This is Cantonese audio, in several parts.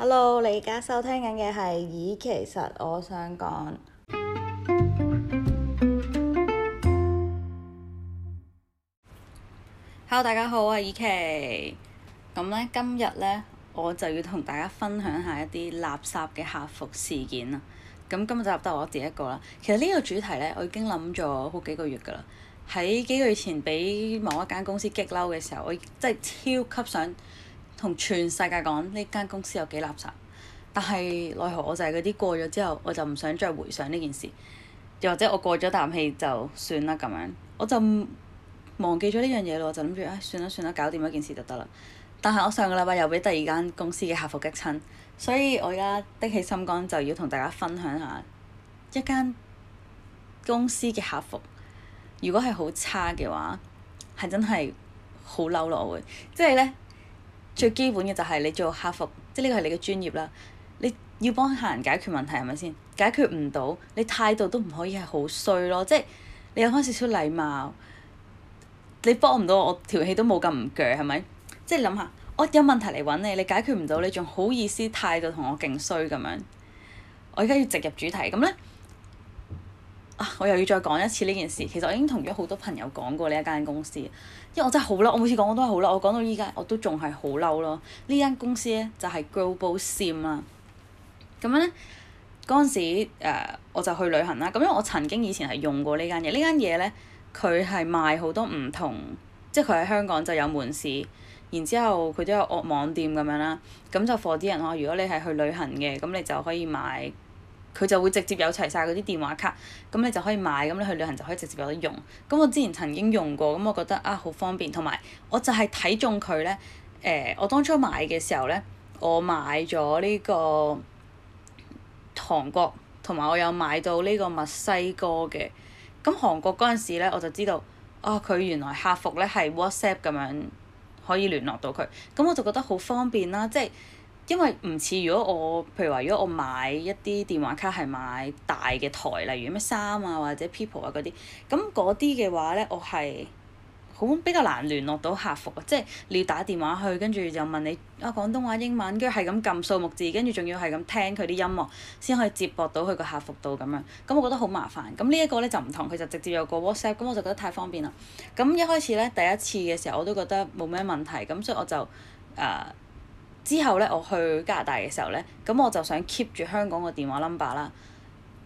Hello，你而家收聽緊嘅係綺，以其實我想講。Hello，大家好，我係以琪。咁咧，今日咧，我就要同大家分享一下一啲垃圾嘅客服事件啊。咁今日集得我自己一個啦。其實呢個主題咧，我已經諗咗好幾個月噶啦。喺幾個月前俾某一間公司激嬲嘅時候，我真係超級想。同全世界講呢間公司有幾垃圾，但係奈何我就係嗰啲過咗之後，我就唔想再回想呢件事，又或者我過咗啖氣就算啦咁樣，我就忘記咗呢樣嘢咯，我就諗住唉算啦算啦，搞掂一件事就得啦。但係我上個禮拜又俾第二間公司嘅客服激親，所以我而家的起心肝就要同大家分享下一間公司嘅客服，如果係好差嘅話，係真係好嬲咯！我會即係呢。就是最基本嘅就係你做客服，即係呢個係你嘅專業啦。你要幫客人解決問題係咪先？解決唔到，你態度都唔可以係好衰咯。即係你有翻少少禮貌，你幫唔到我，我條氣都冇咁唔鋸係咪？即係諗下，我有問題嚟揾你，你解決唔到，你仲好意思態度同我勁衰咁樣？我而家要直入主題，咁呢。啊！我又要再講一次呢件事，其實我已經同咗好多朋友講過呢一間公司，因為我真係好嬲，我每次講我都係好嬲，我講到依家我都仲係好嬲咯。呢間公司呢，就係 Global Sim 啦。咁樣呢，嗰陣時、呃、我就去旅行啦。咁因為我曾經以前係用過呢間嘢，呢間嘢呢，佢係賣好多唔同，即係佢喺香港就有門市，然之後佢都有惡網店咁樣啦。咁就貨啲人話，如果你係去旅行嘅，咁你就可以買。佢就會直接有齊晒嗰啲電話卡，咁你就可以買，咁你去旅行就可以直接有得用。咁我之前曾經用過，咁我覺得啊好方便，同埋我就係睇中佢呢。誒、欸，我當初買嘅時候呢，我買咗呢個韓國，同埋我有買到呢個墨西哥嘅。咁韓國嗰陣時呢，我就知道啊，佢原來客服呢係 WhatsApp 咁樣可以聯絡到佢，咁我就覺得好方便啦，即係。因為唔似如果我，譬如話如果我買一啲電話卡係買大嘅台，例如咩3啊或者 People 啊嗰啲，咁嗰啲嘅話呢我係好比較難聯絡到客服嘅，即係你要打電話去，跟住就問你啊廣東話英文，跟住係咁撳數目字，跟住仲要係咁聽佢啲音樂先可以接駁到佢個客服度咁樣，咁我覺得好麻煩。咁呢一個呢就唔同，佢就直接有個 WhatsApp，咁我就覺得太方便啦。咁一開始呢，第一次嘅時候我都覺得冇咩問題，咁所以我就誒。呃。之後咧，我去加拿大嘅時候咧，咁我就想 keep 住香港個電話 number 啦。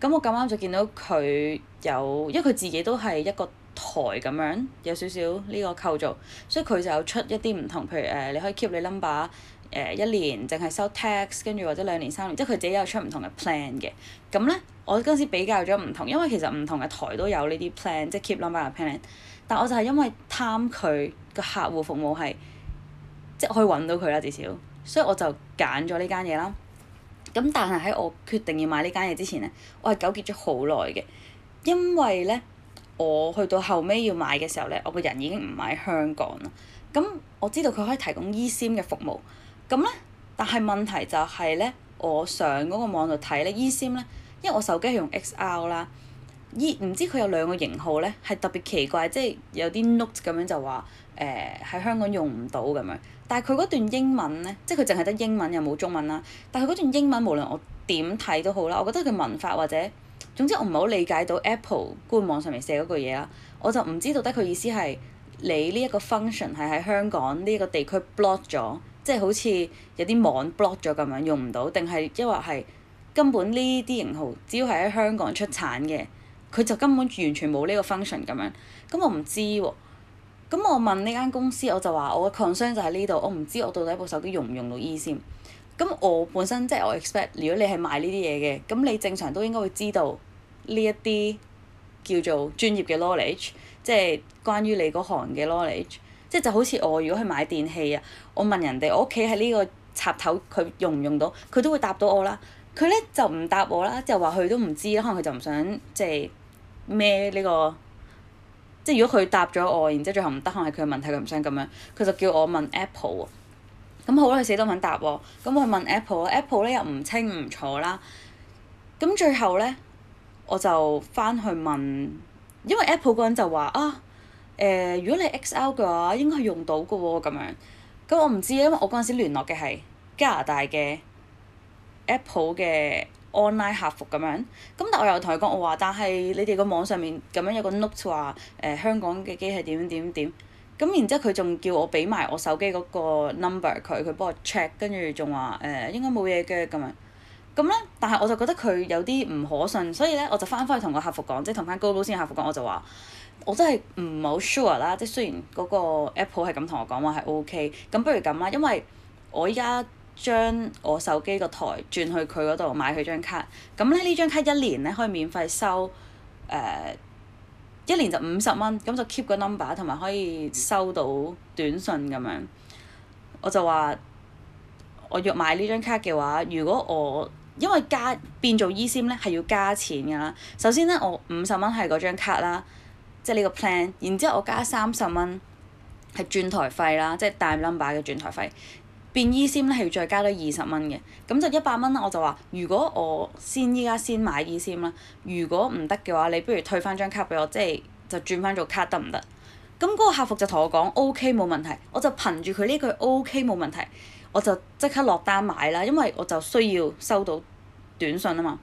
咁我咁啱就見到佢有，因為佢自己都係一個台咁樣，有少少呢個構造，所以佢就有出一啲唔同，譬如誒，你可以 keep 你 number 誒一年，淨係收 tax，跟住或者兩年三年，即係佢自己有出唔同嘅 plan 嘅。咁咧，我嗰陣時比較咗唔同，因為其實唔同嘅台都有呢啲 plan，即係 keep number 嘅 plan。但我就係因為貪佢個客戶服務係，即係可以搵到佢啦，至少。所以我就揀咗呢間嘢啦。咁但係喺我決定要買呢間嘢之前咧，我係糾結咗好耐嘅。因為呢，我去到後尾要買嘅時候呢，我個人已經唔喺香港啦。咁我知道佢可以提供 eSIM 嘅服務。咁呢，但係問題就係呢，我上嗰個網度睇呢 eSIM 咧，因為我手機係用 XR 啦。唔知佢有兩個型號呢，係特別奇怪，即係有啲 note 咁樣就話。誒，喺香港用唔到咁樣，但係佢嗰段英文呢，即係佢淨係得英文又冇中文啦。但係佢嗰段英文，無論我點睇都好啦，我覺得佢文法或者總之我唔係好理解到 Apple 官網上面寫嗰句嘢啦。我就唔知道得佢意思係你呢一個 function 係喺香港呢個地區 block 咗，即係好似有啲網 block 咗咁樣用唔到，定係因為係根本呢啲型號只要係喺香港出產嘅，佢就根本完全冇呢個 function 咁樣。咁我唔知喎、啊。咁我問呢間公司，我就話我嘅 concern 就喺呢度，我唔知我到底部手機用唔用到 E 先。咁我本身即係我 expect，如果你係賣呢啲嘢嘅，咁你正常都應該會知道呢一啲叫做專業嘅 knowledge，即係關於你嗰行嘅 knowledge。即係就好似我如果去買電器啊，我問人哋我屋企喺呢個插頭佢用唔用到，佢都會答到我啦。佢呢就唔答我啦，就話佢都唔知，可能佢就唔想即係孭呢個。即係如果佢答咗我，然之後最後唔得，可能係佢嘅問題，佢唔想咁樣，佢就叫我問 Apple 喎。咁好啦，佢死都唔肯答我喎。咁我問 Apple，Apple 咧又唔清唔楚啦。咁最後咧，我就返去問，因為 Apple 嗰陣就話啊，誒、呃，如果你 XL 嘅話，應該用到嘅喎、哦，咁樣。咁我唔知，因為我嗰陣時聯絡嘅係加拿大嘅 Apple 嘅。online 客服咁樣，咁但我又同佢講，我話但係你哋個網上面咁樣有個 note 話，誒、呃、香港嘅機係點點點，咁然之後佢仲叫我俾埋我手機嗰個 number 佢，佢幫我 check，跟住仲話誒應該冇嘢嘅咁樣，咁咧但係我就覺得佢有啲唔可信，所以咧我就翻返去同個客服講，即係同翻 Google 先客服講，我就話我，我真係唔好 sure 啦，即係雖然嗰個 Apple 係咁同我講話係 OK，咁不如咁啦，因為我依家，將我手機個台轉去佢嗰度買佢張卡，咁咧呢張卡一年咧可以免費收誒、呃、一年就五十蚊，咁就 keep 個 number 同埋可以收到短信咁樣。我就話，我要買呢張卡嘅話，如果我因為加變做 eSIM 咧係要加錢㗎啦。首先咧我五十蚊係嗰張卡啦，即係呢個 plan，然之後我加三十蚊係轉台費啦，即係帶 number 嘅轉台費。變 eSIM 咧係要再加多二十蚊嘅，咁就一百蚊啦。我就話：如果我先依家先買 eSIM 啦，如果唔得嘅話，你不如退翻張卡俾我，即係就轉翻做卡得唔得？咁嗰個客服就同我講：OK 冇問題。我就憑住佢呢句 OK 冇問題，我就即刻落單買啦，因為我就需要收到短信啊嘛。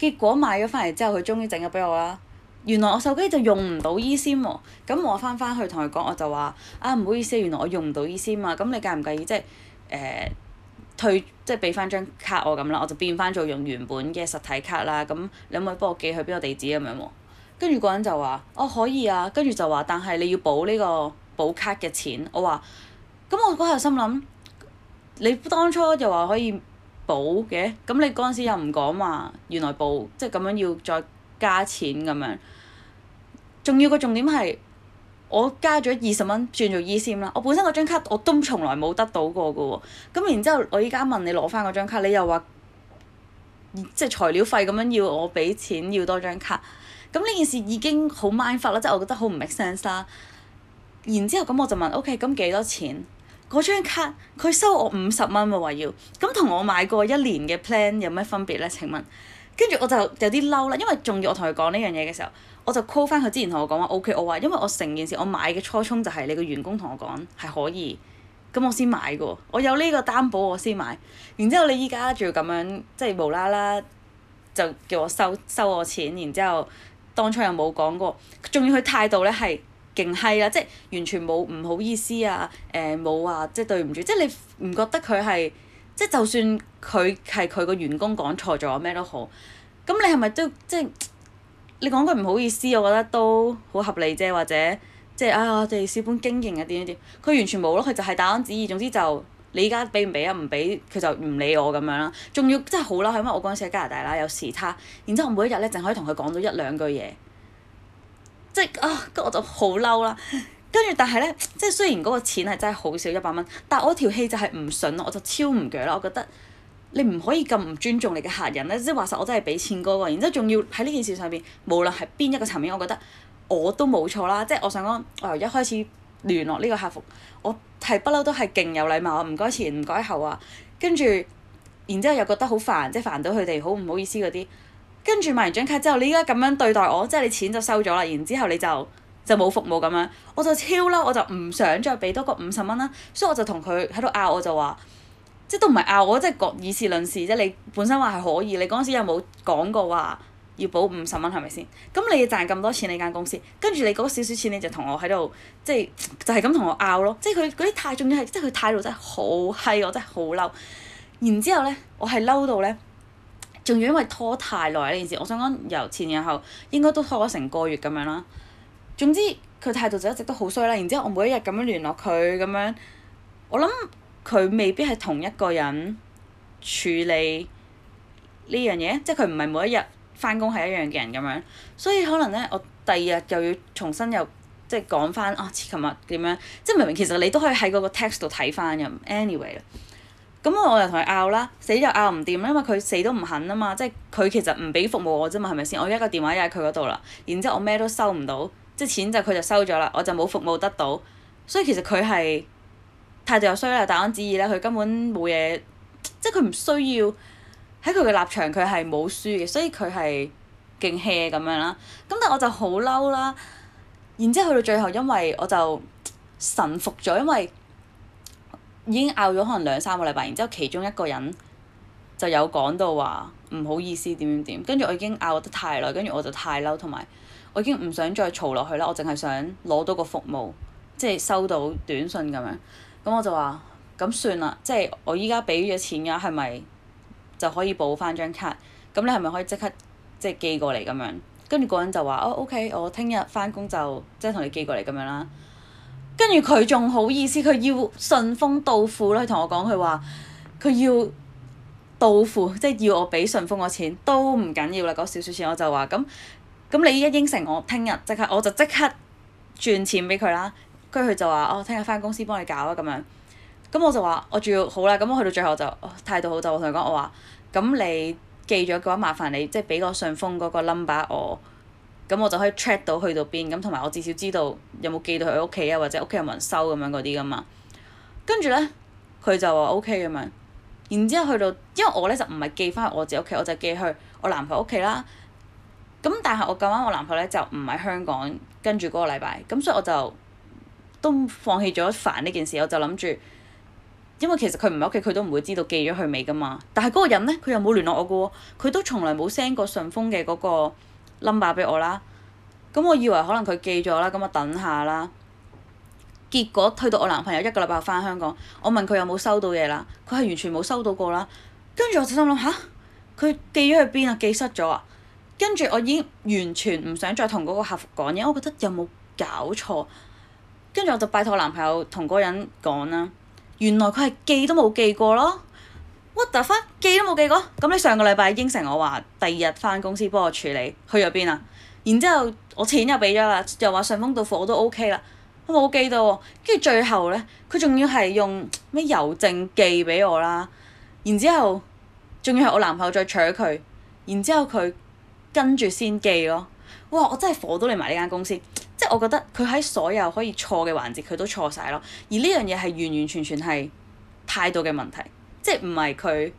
結果買咗翻嚟之後，佢終於整咗俾我啦。原來我手機就用唔到 eSIM 喎、啊，咁我翻返去同佢講，我就話：啊唔好意思，原來我用唔到 eSIM 啊，咁你介唔介意即係？誒、呃、退即係俾翻張卡我咁啦，我就變翻做用原本嘅實體卡啦。咁你可唔可以幫我寄去邊個地址咁樣喎、啊？跟住嗰個人就話：哦，可以啊。跟住就話，但係你要補呢個補卡嘅錢。我話：咁我嗰下心諗，你當初又話可以補嘅，咁你嗰陣時又唔講話，原來補即係咁樣要再加錢咁樣。仲要個重點係。我加咗二十蚊轉做 EC 啦，我本身嗰張卡我都從來冇得到過嘅喎，咁然之後我依家問你攞翻嗰張卡，你又話，即係材料費咁樣要我俾錢要多張卡，咁呢件事已經好 mindfuck 啦，即係我覺得好唔 make sense 啦。然之後咁我就問，O.K. 咁幾多錢？嗰張卡佢收我五十蚊喎話要，咁同我買過一年嘅 plan 有咩分別呢？請問，跟住我就有啲嬲啦，因為仲要我同佢講呢樣嘢嘅時候。我就 call 翻佢之前同我講話 OK，我話因為我成件事我買嘅初衷就係你個員工同我講係可以，咁我先買嘅喎，我有呢個擔保我先買。然之後你依家仲要咁樣即係無啦啦就叫我收收我錢，然之後當初又冇講過，仲要佢態度咧係勁閪啦，即係完全冇唔好意思啊，誒冇話即係對唔住，即係你唔覺得佢係即係就算佢係佢個員工講錯咗咩都好，咁你係咪都即係？你講句唔好意思，我覺得都好合理啫，或者即係啊，我哋小本經營啊，點點點，佢完全冇咯，佢就係打攤旨意，總之就你而家俾唔俾啊，唔俾佢就唔理我咁樣啦。仲要真係好嬲，因為我嗰陣時喺加拿大啦，有時差，然之後我每一日咧淨可以同佢講咗一兩句嘢，即係啊，我就好嬲啦。跟住但係咧，即係雖然嗰個錢係真係好少一百蚊，但我條氣就係唔順咯，我就超唔著啦，我覺得。你唔可以咁唔尊重你嘅客人咧，即係話實，我真係俾錢㗎喎。然之後仲要喺呢件事上面，無論係邊一個層面，我覺得我都冇錯啦。即係我想講，我由一開始聯絡呢個客服，我係不嬲都係勁有禮貌謝謝謝謝啊，唔該前唔該後啊。跟住，然之後又覺得好煩，即係煩到佢哋好唔好意思嗰啲。跟住買完張卡之後，你依家咁樣對待我，即係你錢就收咗啦。然之後你就就冇服務咁樣，我就超嬲，我就唔想再俾多個五十蚊啦。所以我就同佢喺度拗，我就話。即都唔係拗我，即係講以事論事啫。即你本身話係可以，你嗰陣時有冇講過話要補五十蚊係咪先？咁你賺咁多錢你間公司，小小跟住你嗰少少錢你就同我喺度，即係就係咁同我拗咯。即係佢嗰啲態度係，即係佢態度真係好閪，我真係好嬲。然之後呢，我係嬲到呢，仲要因為拖太耐呢件事，我想講由前然後應該都拖咗成個月咁樣啦。總之佢態度就一直都好衰啦。然之後我每一日咁樣聯絡佢咁樣，我諗。佢未必係同一個人處理呢樣嘢，即係佢唔係每一日翻工係一樣嘅人咁樣，所以可能呢，我第二日又要重新又即係講翻啊，琴日點樣？即係明明其實你都可以喺嗰個 text 度睇翻嘅，anyway 啦。咁我又同佢拗啦，死就拗唔掂，因為佢死都唔肯啊嘛，即係佢其實唔俾服務我啫嘛，係咪先？我一個電話又喺佢嗰度啦，然之後我咩都收唔到，即係錢就佢就收咗啦，我就冇服務得到，所以其實佢係。態度又衰啦，大安子意咧，佢根本冇嘢，即係佢唔需要喺佢嘅立場，佢係冇輸嘅，所以佢係勁 hea 咁樣啦。咁但係我就好嬲啦。然之後去到最後，因為我就臣服咗，因為已經拗咗可能兩三個禮拜，然之後其中一個人就有講到話唔好意思點點點，跟住我已經拗得太耐，跟住我就太嬲，同埋我已經唔想再嘈落去啦，我淨係想攞到個服務，即係收到短信咁樣。咁我就話：咁算啦，即係我依家俾咗錢嘅，係咪就可以補翻張卡？咁你係咪可以即即刻即係寄過嚟咁樣？跟住嗰人就話：哦，OK，我聽日翻工就即係同你寄過嚟咁樣啦。跟住佢仲好意思，佢要順豐到付啦。佢同我講，佢話佢要到付，即係要我俾順豐個錢，都唔緊要啦。嗰少少錢我我，我就話：咁咁你一應承我，聽日即刻我就即刻轉錢俾佢啦。跟住佢就話：哦，聽日翻公司幫你搞啊咁樣。咁我就話：我仲要好啦。咁我去到最後就態度好，就同佢講：我話咁你寄咗嘅話，麻煩你即係俾個信封嗰個 number 我。咁我就可以 check 到去到邊咁，同埋我至少知道有冇寄到佢屋企啊，或者屋企有冇人收咁樣嗰啲噶嘛。跟住呢，佢就話 OK 咁樣。然之後去到，因為我呢就唔係寄翻我自己屋企，我就寄去我男朋友屋企啦。咁、啊、但係我咁啱我男朋友呢就唔喺香港，跟住嗰個禮拜，咁所以我就，都放棄咗煩呢件事，我就諗住，因為其實佢唔喺屋企，佢都唔會知道寄咗去未噶嘛。但係嗰個人呢，佢又冇聯絡我嘅喎，佢都從來冇 send 過順豐嘅嗰個 number 俾我啦。咁我以為可能佢寄咗啦，咁啊等下啦。結果退到我男朋友一個禮拜返香港，我問佢有冇收到嘢啦，佢係完全冇收到過啦。跟住我就心諗下，佢寄咗去邊啊？寄失咗啊？跟住我已經完全唔想再同嗰個客服講嘢，我覺得有冇搞錯？跟住我就拜託我男朋友同嗰人講啦，原來佢係寄都冇寄過咯，what the fuck 寄都冇寄過，咁你上個禮拜應承我話第二日返公司幫我處理，去咗邊啊？然之後我錢又俾咗啦，又話順豐到貨我都 OK 啦，我冇寄到喎，跟住最後呢，佢仲要係用咩郵政寄俾我啦，然之後仲要係我男朋友再取佢，然之後佢跟住先寄咯，哇！我真係火到你埋呢間公司。我覺得佢喺所有可以錯嘅環節，佢都錯晒咯。而呢樣嘢係完完全全係態度嘅問題，即係唔係佢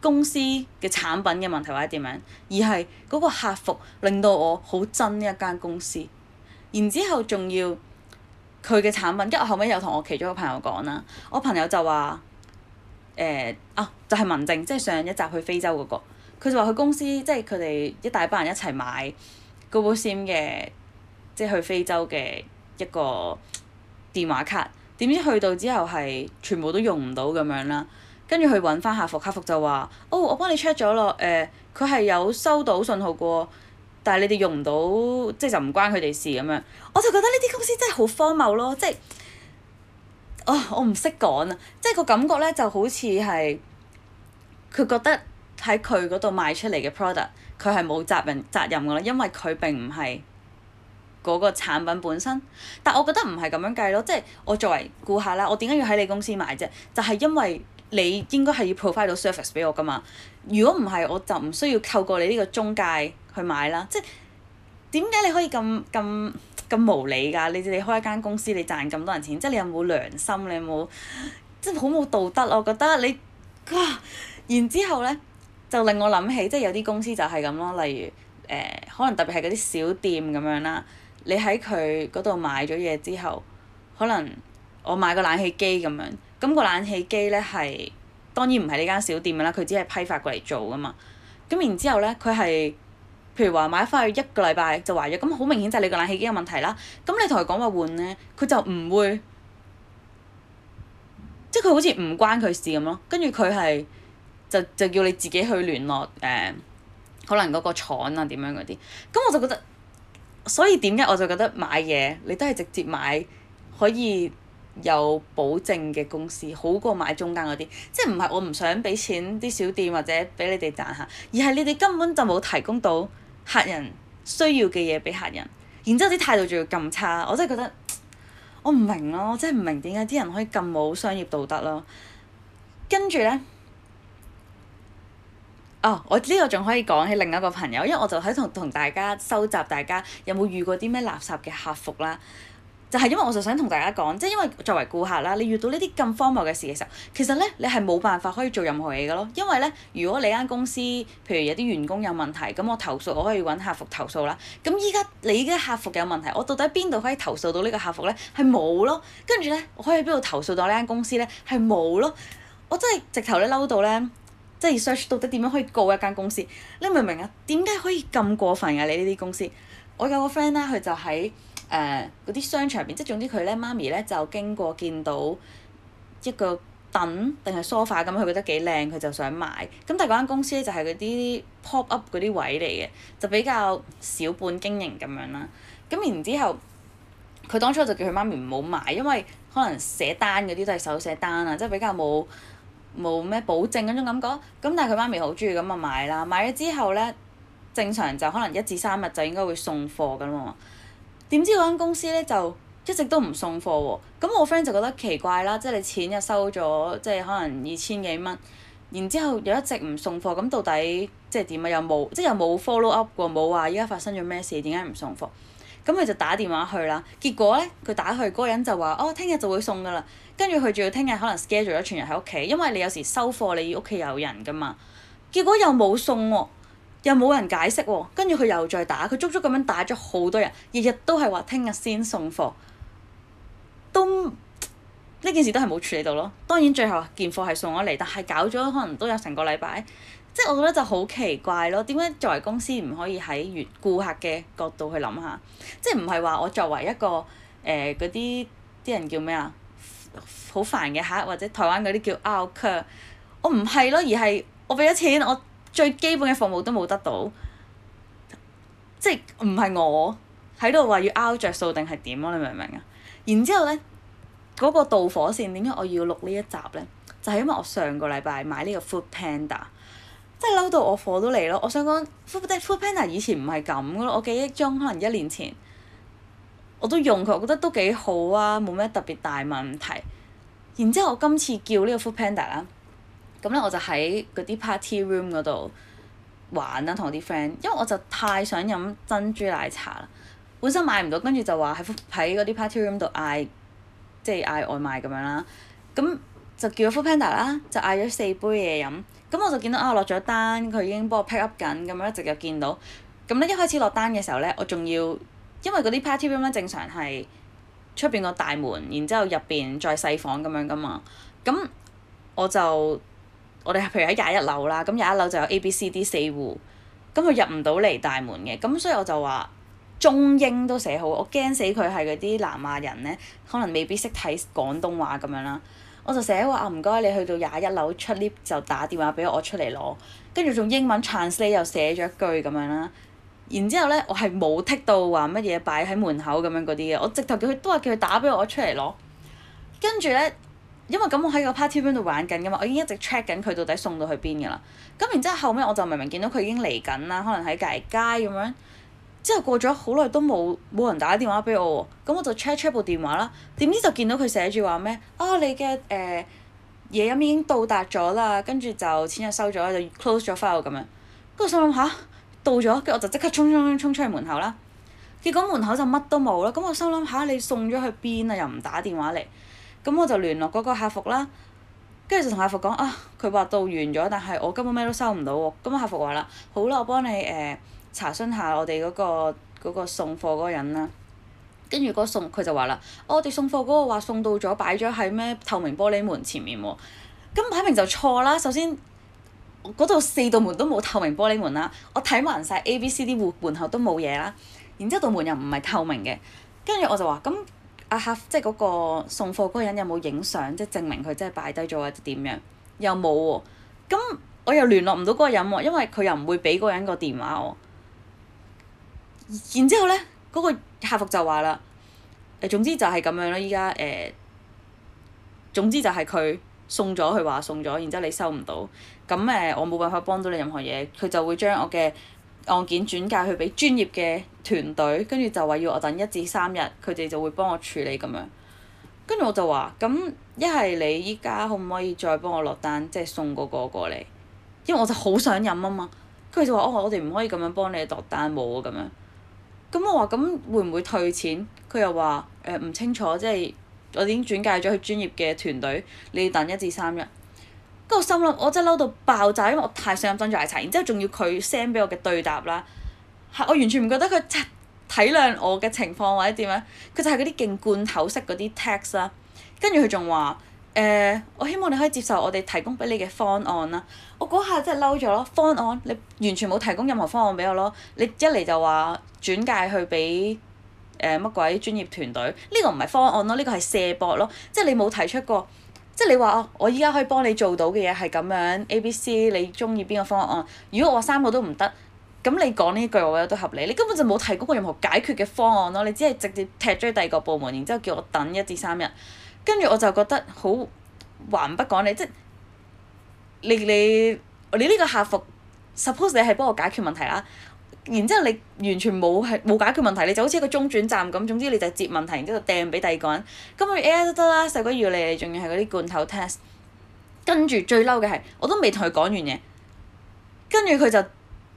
公司嘅產品嘅問題或者點樣，而係嗰個客服令到我好憎呢一間公司。然之後仲要佢嘅產品，跟住我後尾又同我其中一個朋友講啦，我朋友就話：誒、呃、啊，就係文靜，即係上一集去非洲嗰、那個，佢就話佢公司即係佢哋一大班人一齊買個保險嘅。即係去非洲嘅一個電話卡，點知去到之後係全部都用唔到咁樣啦。跟住去揾翻客服，客服就話：哦，我幫你 check 咗咯，誒，佢係有收到信號嘅，但係你哋用唔到，即係就唔關佢哋事咁樣。我就覺得呢啲公司真係好荒謬咯，即係，哦，我唔識講啊，即係個感覺呢就好似係，佢覺得喺佢嗰度賣出嚟嘅 product，佢係冇責任責任㗎啦，因為佢並唔係，嗰個產品本身，但我覺得唔係咁樣計咯，即係我作為顧客啦，我點解要喺你公司買啫？就係、是、因為你應該係要 provide 到 service 俾我噶嘛。如果唔係，我就唔需要透過你呢個中介去買啦。即係點解你可以咁咁咁無理㗎？你你開一間公司，你賺咁多人錢，即係你有冇良心？你有冇即係好冇道德？我覺得你，哇！然之後呢，就令我諗起，即係有啲公司就係咁咯。例如誒、呃，可能特別係嗰啲小店咁樣啦。你喺佢嗰度買咗嘢之後，可能我買個冷氣機咁樣，咁個冷氣機呢，係當然唔係呢間小店啦，佢只係批發過嚟做噶嘛。咁然之後呢，佢係譬如話買翻去一個禮拜就壞咗，咁好明顯就係你個冷氣機嘅問題啦。咁你同佢講話換呢，佢就唔會，即係佢好似唔關佢事咁咯。跟住佢係就就叫你自己去聯絡誒、呃，可能嗰個廠啊點樣嗰啲。咁我就覺得。所以點解我就覺得買嘢你都係直接買可以有保證嘅公司，好過買中間嗰啲。即係唔係我唔想俾錢啲小店或者俾你哋賺下，而係你哋根本就冇提供到客人需要嘅嘢俾客人。然之後啲態度仲要咁差，我真係覺得我唔明咯，真係唔明點解啲人可以咁冇商業道德咯。跟住呢。哦，oh, 我呢個仲可以講起另一個朋友，因為我就喺同同大家收集大家有冇遇過啲咩垃圾嘅客服啦。就係、是、因為我就想同大家講，即、就、係、是、因為作為顧客啦，你遇到呢啲咁荒謬嘅事嘅時候，其實咧你係冇辦法可以做任何嘢嘅咯。因為咧，如果你間公司譬如有啲員工有問題，咁我投訴我可以搵客服投訴啦。咁依家你嘅客服有問題，我到底邊度可以投訴到呢個客服咧？係冇咯。跟住咧，我可以喺邊度投訴到呢間公司咧？係冇咯。我真係直頭咧嬲到咧～即係 search 到底點樣可以告一間公司？你明唔明啊？點解可以咁過分啊？你呢啲公司？我有個 friend 咧，佢就喺誒嗰啲商場入邊，即係總之佢咧媽咪咧就經過見到一個凳定係梳化 f 咁，佢覺得幾靚，佢就想買。咁但係嗰間公司呢就係嗰啲 pop up 嗰啲位嚟嘅，就比較小本經營咁樣啦。咁然之後，佢當初就叫佢媽咪唔好買，因為可能寫單嗰啲都係手寫單啊，即係比較冇。冇咩保證嗰種感覺，咁但係佢媽咪好中意咁就買啦，買咗之後呢，正常就可能一至三日就應該會送貨噶啦嘛。點知嗰間公司呢，就一直都唔送貨喎，咁我 friend 就覺得奇怪啦，即係你錢又收咗，即係可能二千幾蚊，然之後又一直唔送貨，咁到底即係點啊？又冇即係又冇 follow up 過，冇話依家發生咗咩事，點解唔送貨？咁佢就打電話去啦，結果呢，佢打去嗰個人就話：哦，聽日就會送噶啦。跟住佢仲要聽日可能 schedule 咗全日喺屋企，因為你有時收貨你屋企有人噶嘛。結果又冇送喎、啊，又冇人解釋喎、啊。跟住佢又再打，佢足足咁樣打咗好多人，日日都係話聽日先送貨，都呢件事都係冇處理到咯。當然最後件貨係送咗嚟，但係搞咗可能都有成個禮拜，即係我覺得就好奇怪咯。點解作為公司唔可以喺月顧客嘅角度去諗下？即係唔係話我作為一個誒嗰啲啲人叫咩啊？好煩嘅嚇，或者台灣嗰啲叫奧客，我唔係咯，而係我俾咗錢，我最基本嘅服務都冇得到，即係唔係我喺度話要奧著數定係點咯？你明唔明啊？然之後呢，嗰、嗰個導火線點解我要錄呢一集呢？就係、係、因為我上個禮拜買呢個 Food Panda，即係嬲到我火都嚟咯！我想講 Food Food Panda 以前唔係咁，我記憶中可能一年前。我都用佢，我覺得都幾好啊，冇咩特別大問題。然之後我今次叫呢個 food panda 啦，咁咧我就喺嗰啲 party room 度玩啦，啊，同我啲 friend，因為我就太想飲珍珠奶茶啦。本身買唔到，跟住就話喺喺嗰啲 party room 度嗌，即係嗌外賣咁樣啦。咁就叫咗 food panda 啦，就嗌咗四杯嘢飲。咁我就見到啊，我落咗單，佢已經幫我 pick up 緊。咁樣一直就見到。咁咧一開始落單嘅時候咧，我仲要。因為嗰啲 party room 咧，正常係出邊個大門，然之後入邊再細房咁樣噶嘛，咁我就我哋譬如喺廿一樓啦，咁廿一樓就有 A、B、C、D 四戶，咁佢入唔到嚟大門嘅，咁所以我就話中英都寫好，我驚死佢係嗰啲南亞人咧，可能未必識睇廣東話咁樣啦，我就寫話啊唔該，你去到廿一樓出 lift 就打電話俾我出嚟攞，跟住仲英文 translate 又寫咗一句咁樣啦。然之後咧，我係冇剔到話乜嘢擺喺門口咁樣嗰啲嘅，我直頭叫佢都係叫佢打俾我出嚟攞。跟住咧，因為咁我喺個 party room 度玩緊噶嘛，我已經一直 check 緊佢到底送到去邊噶啦。咁然之後後尾我就明明見到佢已經嚟緊啦，可能喺隔街咁樣。之後過咗好耐都冇冇人打電話俾我喎，咁我就 check check 部電話啦。點知就見到佢寫住話咩啊？你嘅誒嘢飲已經到達咗啦，跟住就錢就收咗，就 close 咗 file 咁樣。跟住想問下？啊到咗，跟住我就即刻衝衝衝出去門口啦。結果門口就乜都冇啦，咁我心諗下、啊、你送咗去邊啊？又唔打電話嚟，咁我就聯絡嗰個客服啦。跟住就同客服講啊，佢話到完咗，但係我根本咩都收唔到喎。咁客服話啦，好啦，我幫你誒、呃、查詢下我哋嗰、嗰個嗰個送貨嗰個人啦。跟住送佢就話啦、啊，我哋送貨嗰個話送到咗，擺咗喺咩透明玻璃門前面喎。咁、啊、擺、嗯、明就錯啦，首先。嗰度四道門都冇透明玻璃門啦，我睇埋晒 A、B、C、D 戶門口都冇嘢啦，然之後道門又唔係透明嘅，跟住我就話：咁阿客即係嗰個送貨嗰個人有冇影相，即係證明佢真係擺低咗或者點樣？又冇喎、哦，咁我又聯絡唔到嗰個人喎、哦，因為佢又唔會俾嗰個人個電話我、哦。然之後呢，嗰、那個客服就話啦：誒、呃，總之就係咁樣啦，依家誒，總之就係佢。送咗佢話送咗，然之後你收唔到，咁誒我冇辦法幫到你任何嘢，佢就會將我嘅案件轉介去俾專業嘅團隊，跟住就話要我等一至三日，佢哋就會幫我處理咁樣。跟住我就話：咁一係你依家可唔可以再幫我落單，即係送嗰個過嚟？因為我就好想飲啊嘛。佢就話：哦，我哋唔可以咁樣幫你落單，冇咁樣。咁我話：咁會唔會退錢？佢又話：誒、呃、唔清楚，即係。我已經轉介咗去專業嘅團隊，你要等一至三日。嗰個心諗，我真係嬲到爆炸，因為我太想飲珍珠奶茶，然之後仲要佢 send 俾我嘅對答啦。係，我完全唔覺得佢體體諒我嘅情況或者點樣，佢就係嗰啲勁罐頭式嗰啲 text 啦。跟住佢仲話：誒，我希望你可以接受我哋提供俾你嘅方案啦。我嗰下真係嬲咗咯，方案你完全冇提供任何方案俾我咯，你一嚟就話轉介去俾。乜鬼專業團隊？呢個唔係方案咯，呢個係卸膊咯，即係你冇提出過，即係你話哦，我依家可以幫你做到嘅嘢係咁樣 A、B、C，你中意邊個方案？如果我三個都唔得，咁你講呢句我覺得都合理，你根本就冇提供過任何解決嘅方案咯，你只係直接踢咗去第二個部門，然之後叫我等一至三日，跟住我就覺得好，還不講理，即係你你你呢個客服 suppose 你係幫我解決問題啦。然之後你完全冇係冇解決問題，你就好似一個中轉站咁。總之你就接問題，然之後掟俾第二個人。咁佢「A.、哎、I. 都得啦，手機要你，仲要係嗰啲罐頭 test。跟住最嬲嘅係，我都未同佢講完嘢，跟住佢就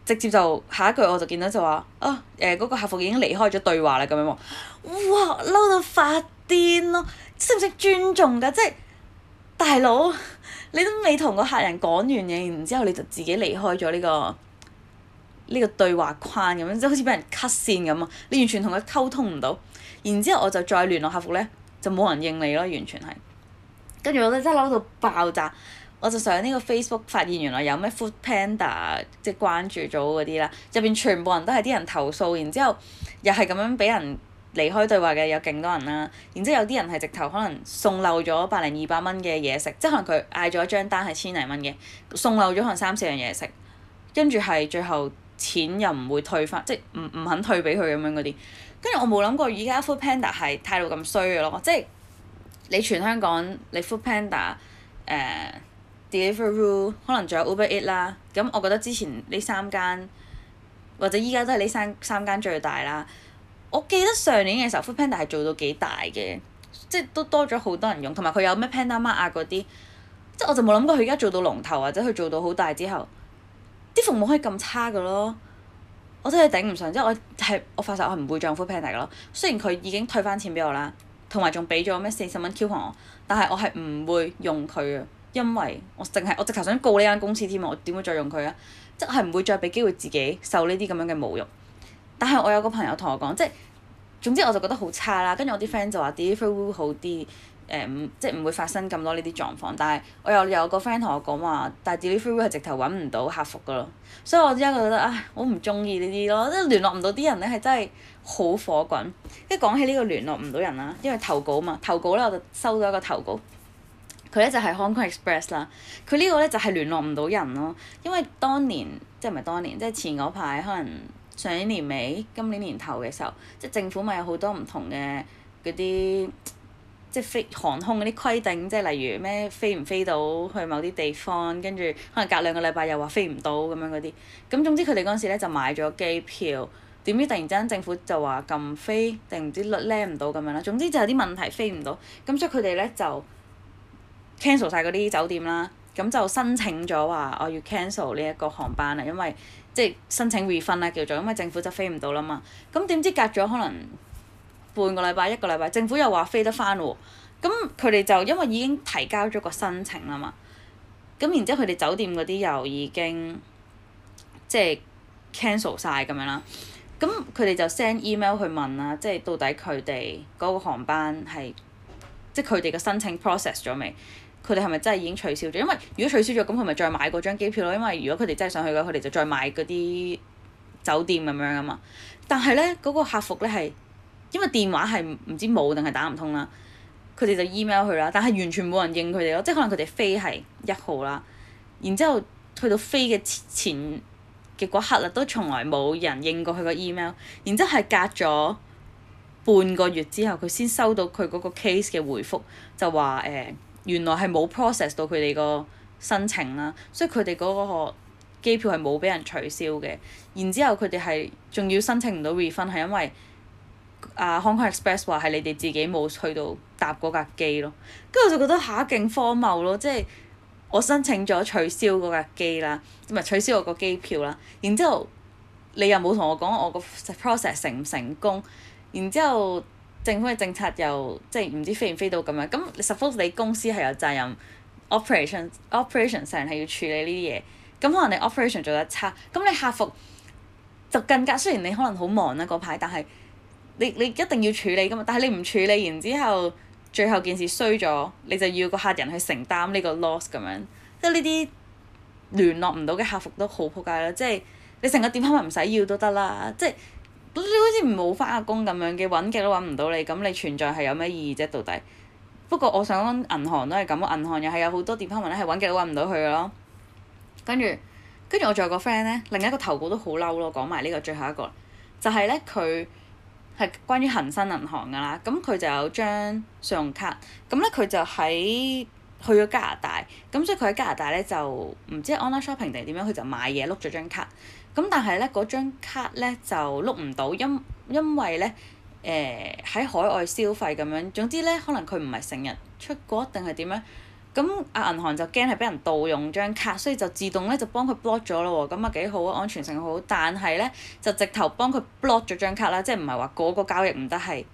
直接就下一句我就見到就話啊誒嗰、呃嗰個客服已經離開咗對話啦咁樣喎。哇嬲到發癲咯，識唔識尊重㗎？即係大佬，你都未同個客人講完嘢，然之後你就自己離開咗呢、呢個。呢個對話框咁樣即係好似俾人 cut 線咁啊！你完全同佢溝通唔到，然之後我就再聯絡客服呢，就冇人應你咯，完全係。跟住我咧真係嬲到爆炸，我就上呢個 Facebook 發現原來有咩 Foodpanda 即係關注咗嗰啲啦，入邊全部人都係啲人投訴，然之後又係咁樣俾人離開對話嘅有勁多人啦。然之後有啲人係直頭可能送漏咗百零二百蚊嘅嘢食，即係可能佢嗌咗一張單係千零蚊嘅，送漏咗可能三四樣嘢食，跟住係最後，錢又唔會退翻，即係唔唔肯退俾佢咁樣嗰啲。跟住我冇諗過，而家 Foodpanda 係態度咁衰嘅咯，即係你全香港你 Foodpanda 誒、呃、Deliveroo 可能仲有 Uber Eats 啦。咁我覺得之前呢三間或者依家都係呢三三間最大啦。我記得上年嘅時候，Foodpanda 係做到幾大嘅，即係都多咗好多人用，同埋佢有咩 Panda mart 嗰啲，即係我就冇諗過佢而家做到龍頭，或者佢做到好大之後。啲服務可以咁差嘅咯，我真係頂唔順。即係我係我發誓我係唔會 foodpanda 咯。雖然佢已經退翻錢俾我啦，同埋仲俾咗咩四十蚊 Q 我，但係我係唔會用佢嘅，因為我淨係我直頭想告呢間公司添啊！我點會再用佢啊？即係唔會再俾機會自己受呢啲咁樣嘅侮辱。但係我有個朋友同我講，即係總之我就覺得差就好差啦。跟住我啲 friend 就話 Deliveroo 好啲。誒唔、呃、即係唔會發生咁多呢啲狀況，但係我又有個 friend 同我講話，但係 delivery 係直頭揾唔到客服噶咯，所以我依家覺得唉，好唔中意呢啲咯，即係聯絡唔到啲人咧係真係好火滾。即係講起呢個聯絡唔到人啦，因為投稿嘛，投稿咧我就收到一個投稿，佢咧就係、是、Hong Kong Express 啦，佢呢個咧就係、是、聯絡唔到人咯，因為當年即係唔係當年，即係前嗰排可能上年年尾、今年年頭嘅時候，即係政府咪有好多唔同嘅嗰啲。即係飛航空嗰啲規定，即係例如咩飛唔飛到去某啲地方，跟住可能隔兩個禮拜又話飛唔到咁樣嗰啲。咁總之佢哋嗰陣時呢就買咗機票，點知突然間政府就話禁飛定唔知 plan 唔到咁樣啦。總之就有啲問題飛唔到，咁所以佢哋呢就 cancel 晒嗰啲酒店啦。咁就申請咗話我要 cancel 呢一個航班啦，因為即係申請 refund 啦叫做，因為政府就飛唔到啦嘛。咁點知隔咗可能，半個禮拜一個禮拜，政府又話飛得翻喎，咁佢哋就因為已經提交咗個申請啦嘛，咁然之後佢哋酒店嗰啲又已經即係 cancel 晒咁樣啦，咁佢哋就 send email 去問啦，即係到底佢哋嗰個航班係即係佢哋嘅申請 process 咗未？佢哋係咪真係已經取消咗？因為如果取消咗，咁佢咪再買嗰張機票咯。因為如果佢哋真係上去咧，佢哋就再買嗰啲酒店咁樣啊嘛。但係呢，嗰個客服呢係。因為電話係唔知冇定係打唔通啦，佢哋就 email 佢啦，但係完全冇人應佢哋咯，即係可能佢哋飛係一號啦，然之後去到飛嘅前嘅嗰刻啦，都從來冇人應過佢個 email，然之後係隔咗半個月之後，佢先收到佢嗰個 case 嘅回覆，就話誒、呃、原來係冇 process 到佢哋個申請啦，所以佢哋嗰個機票係冇俾人取消嘅，然之後佢哋係仲要申請唔到 refund 係因為。啊、uh,！Hong Kong Express 話係你哋自己冇去到搭嗰架機咯，跟住我就覺得下勁荒謬咯，即係我申請咗取消嗰架機啦，咪取消我個機票啦，然之後你又冇同我講我個 process 成唔成功，然之後政府嘅政策又即係唔知飛唔飛到咁樣，咁 suppose 你公司係有責任 operation operation 成日係要處理呢啲嘢，咁可能你 operation 做得差，咁你客服就更加雖然你可能好忙啦嗰排，但係。你你一定要處理噶嘛？但係你唔處理，然之後最後件事衰咗，你就要個客人去承擔呢個 loss 咁樣，即係呢啲聯絡唔到嘅客服都好撲街啦！即係你成個電話文唔使要都得啦，即係好似好似冇翻下工咁樣嘅，揾極都揾唔到你，咁你存在係有咩意義啫？到底？不過我想講銀行都係咁，銀行又係有好多電話文咧，係揾極都揾唔到佢咯。跟住跟住，我仲有個 friend 呢，另一個投稿都好嬲咯，講埋呢個最後一個，就係呢佢。係關於恒生銀行㗎啦，咁佢就有張信用卡，咁咧佢就喺去咗加拿大，咁所以佢喺加拿大咧就唔知係 online shopping 定係點樣，佢就買嘢碌咗張卡，咁但係咧嗰張卡咧就碌唔到，因因為咧誒喺海外消費咁樣，總之咧可能佢唔係成日出國定係點樣。咁阿銀行就驚係俾人盜用張卡，所以就自動咧就幫佢 block 咗咯喎，咁啊幾好啊，安全性好。但係呢，就直頭幫佢 block 咗張卡啦，即係唔係話嗰個交易唔得，係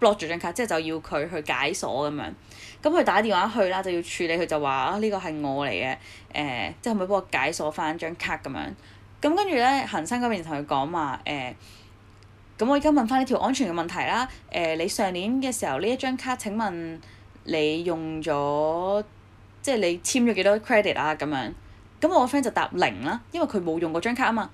block 咗張卡，即係就要佢去解鎖咁樣。咁佢打電話去啦，就要處理，佢就話啊呢個係我嚟嘅，誒、呃、即係可唔可以幫我解鎖翻張卡咁樣？咁跟住呢，恒生嗰邊同佢講話誒，咁、呃、我而家問翻呢條安全嘅問題啦，誒、呃、你上年嘅時候呢一張卡請問？你用咗即係你簽咗幾多 credit 啊咁樣，咁我個 friend 就答零啦，因為佢冇用過張卡啊嘛。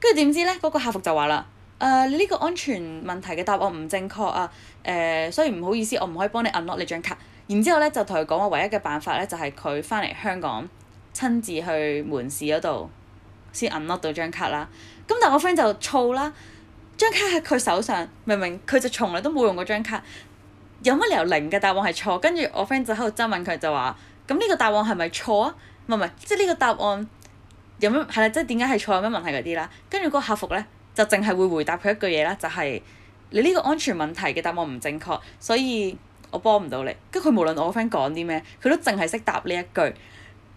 跟住點知呢？嗰個客服就話啦：誒、呃、呢個安全問題嘅答案唔正確啊，誒、呃、所以唔好意思，我唔可以幫你 unlock 你張卡。然之後呢，就同佢講我唯一嘅辦法呢，就係佢返嚟香港，親自去門市嗰度先 unlock 到張卡啦。咁但係我 friend 就燥啦，張卡喺佢手上，明明佢就從來都冇用過張卡。有乜理由零嘅答案係錯？跟住我 friend 就喺度質問佢就話：咁呢個答案係咪錯啊？唔係唔係，即係呢個答案有乜係啦？即係點解係錯有乜問題嗰啲啦？跟住個客服呢，就淨係會回答佢一句嘢啦，就係、是、你呢個安全問題嘅答案唔正確，所以我幫唔到你。跟住佢無論我 friend 講啲咩，佢都淨係識答呢一句。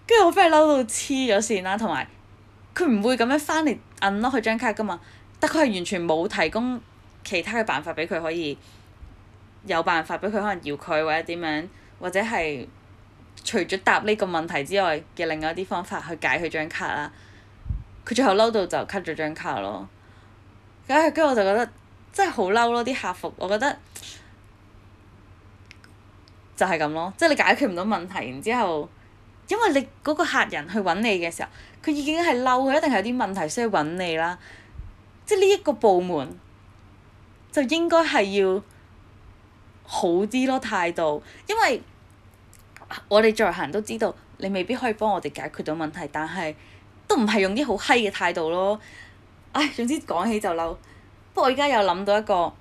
跟住我 friend 嬲到黐咗線啦，同埋佢唔會咁樣翻嚟摁咯佢張卡噶嘛，但佢係完全冇提供其他嘅辦法俾佢可以。有辦法俾佢可能要佢，或者點樣，或者係除咗答呢個問題之外嘅另外一啲方法去解佢張卡啦。佢最後嬲到就 cut 咗張卡咯。咁跟住我就覺得真係好嬲咯！啲客服，我覺得就係咁咯，即係你解決唔到問題，然之後因為你嗰個客人去揾你嘅時候，佢已經係嬲，佢一定係有啲問題，需要揾你啦。即係呢一個部門就應該係要。好啲咯，態度，因為我哋在行都知道，你未必可以幫我哋解決到問題，但係都唔係用啲好閪嘅態度咯。唉，總之講起就嬲。不過我而家有諗到一個誒、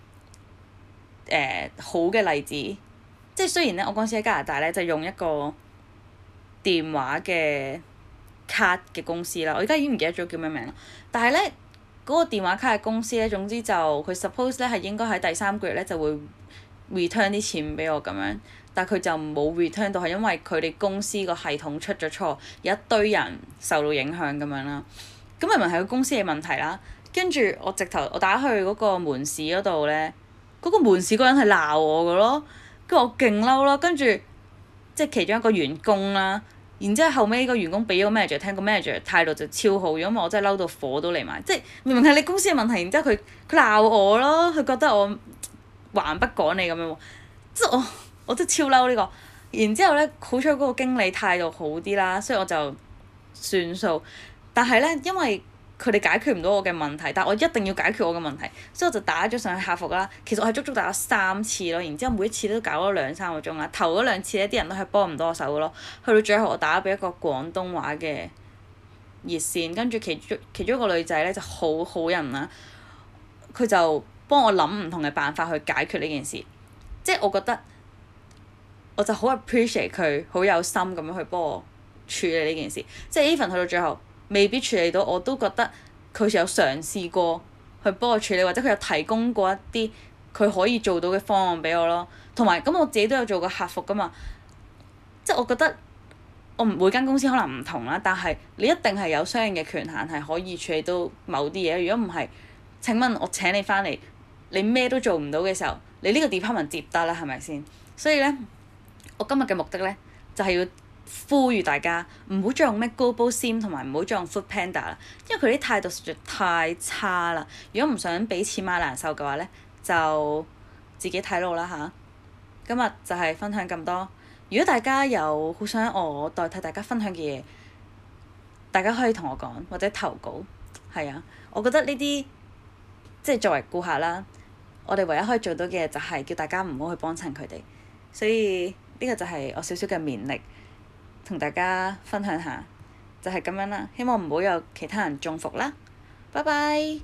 欸、好嘅例子，即係雖然咧，我嗰時喺加拿大咧，就用一個電話嘅卡嘅公司啦。我而家已經唔記得咗叫咩名啦，但係咧，嗰個電話卡嘅公司咧，總之就佢 suppose 咧係應該喺第三個月咧就會。return 啲錢俾我咁樣，但佢就冇 return 到，係因為佢哋公司個系統出咗錯，有一堆人受到影響咁樣啦。咁明明係佢公司嘅問題啦，跟住我直頭我打去嗰個門市嗰度呢，嗰、嗰個門市個人係鬧我嘅咯，跟住我勁嬲啦，跟住即係其中一個員工啦，然之後後尾個員工俾咗個 manager 聽，個 manager 態度就超好，因為我真係嬲到火都嚟埋，即係明明係你公司嘅問題，然之後佢佢鬧我咯，佢覺得我。還不趕你咁樣喎，即我我真超嬲呢個。然之後呢，好彩嗰個經理態度好啲啦，所以我就算數。但係呢，因為佢哋解決唔到我嘅問題，但我一定要解決我嘅問題，所以我就打咗上去客服啦。其實我係足足打咗三次咯，然之後每一次都搞咗兩三個鐘啦。頭嗰兩次呢啲人都係幫唔到我手嘅咯。去到最後，我打咗俾一個廣東話嘅熱線，跟住其中其中一個女仔呢就好好人啦，佢就～幫我諗唔同嘅辦法去解決呢件事，即係我覺得我就好 appreciate 佢好有心咁樣去幫我處理呢件事。即係 even 去到最後未必處理到，我都覺得佢有嘗試過去幫我處理，或者佢有提供過一啲佢可以做到嘅方案俾我咯。同埋咁我自己都有做過客服㗎嘛，即係我覺得我唔每間公司可能唔同啦，但係你一定係有相應嘅權限係可以處理到某啲嘢。如果唔係，請問我請你返嚟。你咩都做唔到嘅時候，你呢個 department 接得啦，係咪先？所以呢，我今日嘅目的呢，就係、是、要呼籲大家唔好再用咩 Global SIM 同埋唔好再用 Food Panda 啦，因為佢啲態度實在太差啦。如果唔想俾錢買難受嘅話呢，就自己睇路啦嚇。今日就係分享咁多。如果大家有好想我代替大家分享嘅嘢，大家可以同我講或者投稿。係啊，我覺得呢啲即係作為顧客啦。我哋唯一可以做到嘅就係叫大家唔好去幫襯佢哋，所以呢個就係我少少嘅勉力，同大家分享下，就係咁樣啦。希望唔好有其他人中伏啦。拜拜。